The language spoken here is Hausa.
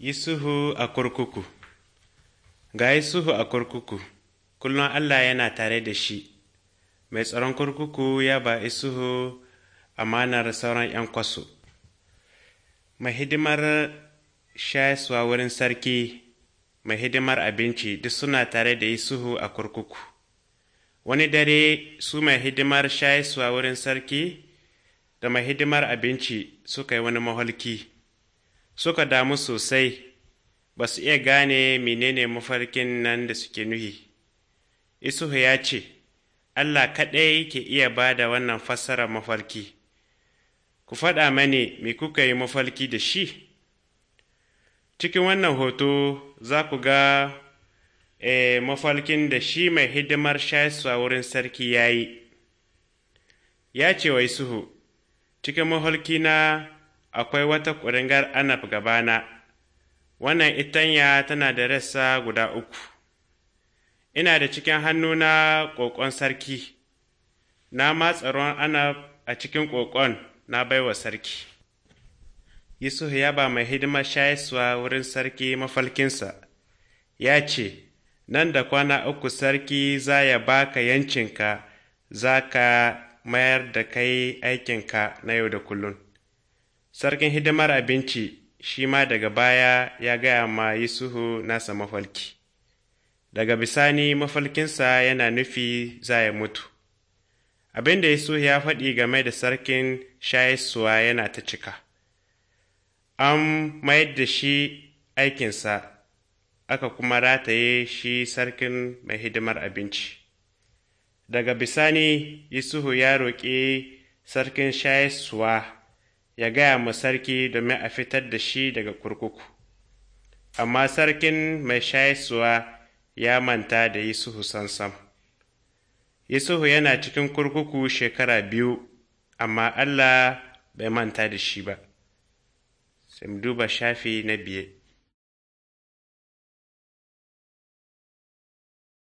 Yisuhu a kurkuku Ga Yisuhu a kurkuku, kullum Allah yana tare da shi, mai tsaron kurkuku ya ba a amanar sauran ‘yan kwaso. Mai hidimar shayaswa wurin sarki, mai hidimar abinci duk suna tare da Yisuhu a kurkuku. Wani dare su mai hidimar shayaswa wurin sarki da mai hidimar abinci suka yi wani maholki. suka damu sosai ba su iya gane menene mafarkin nan da suke nuhi. Isuhu ya ce, Allah kaɗai ke iya ba da wannan fassarar mafarki, ku faɗa mani me kuka yi mafarki da shi? Cikin wannan hoto za ku ga e, mafarkin da shi mai hidimar shaisuwa wurin sarki ya yi. Ya ce wa Isuhu, cikin mafarki na akwai wata ƙuringar anaf gabana, wannan itanya tana da rassa guda uku, ina da cikin hannuna ƙoƙon sarki, na matsa ruwan anaf a cikin ƙoƙon na baiwa sarki. Yusuf ya ba mai hidimar shayiswa wurin sarki mafalkinsa, ya ce, Nan da kwana uku sarki za ya ba ka yancinka, za ka mayar da kai aikinka na yau da kullum. Sarkin hidimar abinci shi ma daga baya ya gaya ma Yusufu nasa mafalki. Daga bisani mafalkinsa yana nufi za ya mutu. Abin da Yusufu ya faɗi game da sarkin shayiswa yana ta cika. An mayar da shi aikinsa, aka kuma rataye shi sarkin mai hidimar abinci. Daga bisani Yusufu ya roƙi sarkin shayiswa ya gaya ma sarki domin a fitar da shi daga kurkuku. Amma sarkin mai shayisuwa ya manta da Yusufu sansam. Yusufu yana cikin kurkuku shekara biyu, amma Allah bai manta da shi ba. Sai mu duba shafi na biye.